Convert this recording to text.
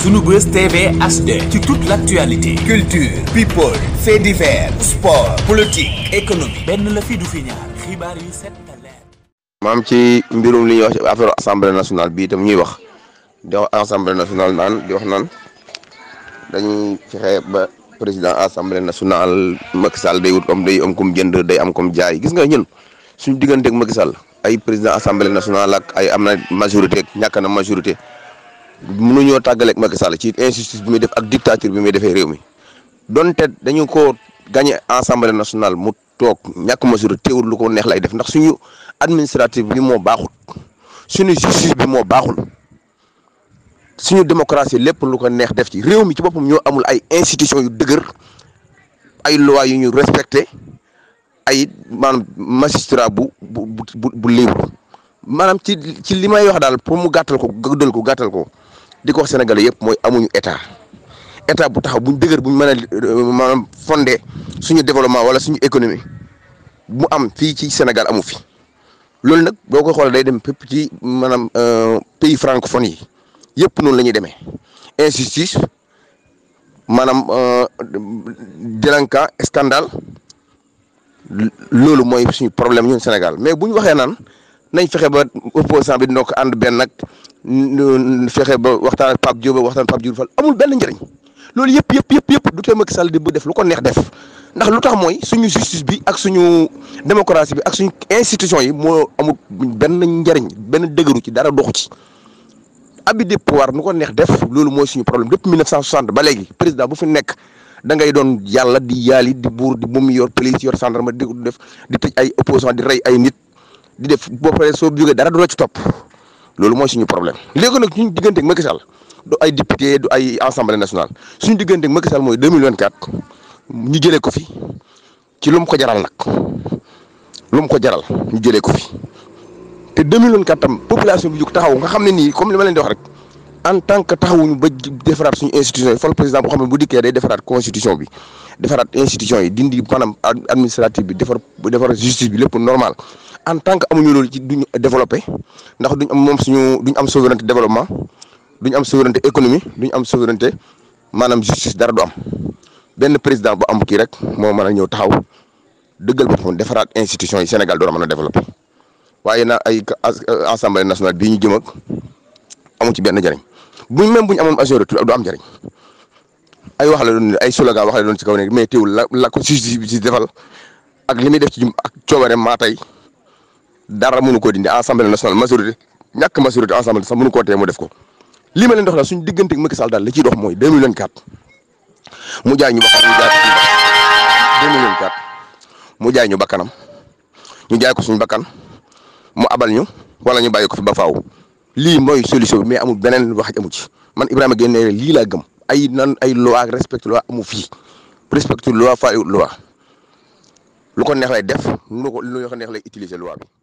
Sunubuzz TV HD ci toute culture people faits divers sport politique économie benn la fi du maam ci mbirum li ñuy wax affaire assemblée nationale bi itam ñuy wax di wax assemblée nationale naan di wax naan dañ fexe ba président assemblée nationale Macky Sall day wut om day am comme jënd day am comme jaay gis nga ñun suñ digganteeg Macky ay président assemblée nationale ak ay am na majorité ak ñàkk na majorité mënuñoo tàggaleeg Macky Sall ci injustice bi muy def ak dictature bi muy defee réew mi donte dañu ko gagné assemblée nationale mu toog ñàkk mesure teewul lu neex lay def ndax suñu administratif bi moo baaxul suñu justice bi moo baaxul suñu démocratie lépp lu ko neex def ci réew mi ci boppam ñoo amul ay institution yu dëgër ay loi yu ñu respecté ay maanaam magistrat bu bu bu libre maanaam ci ci li may wax daal pour mu gàttal ko gëddal ko gàttal ko. di ko wax sénégalais yëpp mooy amuñu état état bu taxaw buñ dëgër buñ mën a euh, maanaam fondé suñu développement wala suñu économie mu am fii ci Sénégal amu fi loolu nag boo ko xoolee day dem fépp ci maanaam euh, pays francophone yi yëpp noonu la ñuy demee injustice maanaam euh, délinquant scandale loolu mooy suñu problème ñun Sénégal mais bu ñu waxee naan nañ fexe ba opposant bi dina ko ànd benn nag fexe ba waxtaan ak Pape Diop waxtaan Pape Diop Fall amul benn njëriñ loolu yëpp yëpp yëpp yëpp du tee Macky Sall di bu def lu ko neex def ndax lu tax mooy suñu justice bi ak suñu démocratie bi ak suñu institution yi moo amul benn njariñ benn dëgëru ci dara doxu ci. abi de pouvoir nu ko neex def loolu mooy suñu problème depuis 1960 ba léegi président bu fi nekk da ngay doon yàlla di yaali di buur di moom yor police yor gendarme di def di tëj ay opposants di rey ay nit di def boo paree soo jógee dara du ci topp. loolu mooy suñu problème léegi nag suñu digganteeg Macky Sall du ay député du ay assemblée national suñu digganteeg Macky Sall mooy 2024 ñu jëlee ko fi ci lu mu ko jaral nag lu mu ko jaral ñu jëlee ko fi te 2024 tam population bi jóg taxaw nga xam ne nii comme li ma leen di wax rek en tant que taxawuñu ba defaraat suñu institution yi fal président boo xam ne bu dikkee day defaraat constitution bi defaraat institution yi dindi maanaam administrative bi defar defar justice bi lépp normal. en tant que amuñu loolu ci duñu développé ndax duñ am moom suñu duñ am souveraineté développement duñ am souveraineté économie duñ am souveraineté maanaam justice dara du am benn président bu am kii rek moo mën a ñëw taxaw dëggal boppam defaraat institution yi Sénégal door a mën a développé waaye na ay euh, assemblée nationale bii ñu jëm ak amu ci benn njëriñ buñ même buñ amoon majorité du am njëriñ ay wax la doon ay slogan wax la doon ci kaw ne mais teewul la la ko bi ci defal ak li muy def ci ak coobare maa tey dara mënu ko dindi assemblée nationale majorité ñàkk majorité assemblée sax mënu koo tee mu def ko lii ma leen dox la suñu diggante ak Macky Sall daal la ciy dox mooy 2024 mu jaay ñu bakkanam ñu jaay ko 2024 mu jaay ñu bakkanam ñu jaay ko suñu bakkan mu abal ñu wala ñu bàyyi ko fi ba faaw lii mooy solution bi mais amul beneen wax amu ci man a Gueye lii laa gëm ay nan ay loi ak respecte loi amu fii respecte loi faale loi lu ko neex lay def lu ko neex lay utiliser loi bi.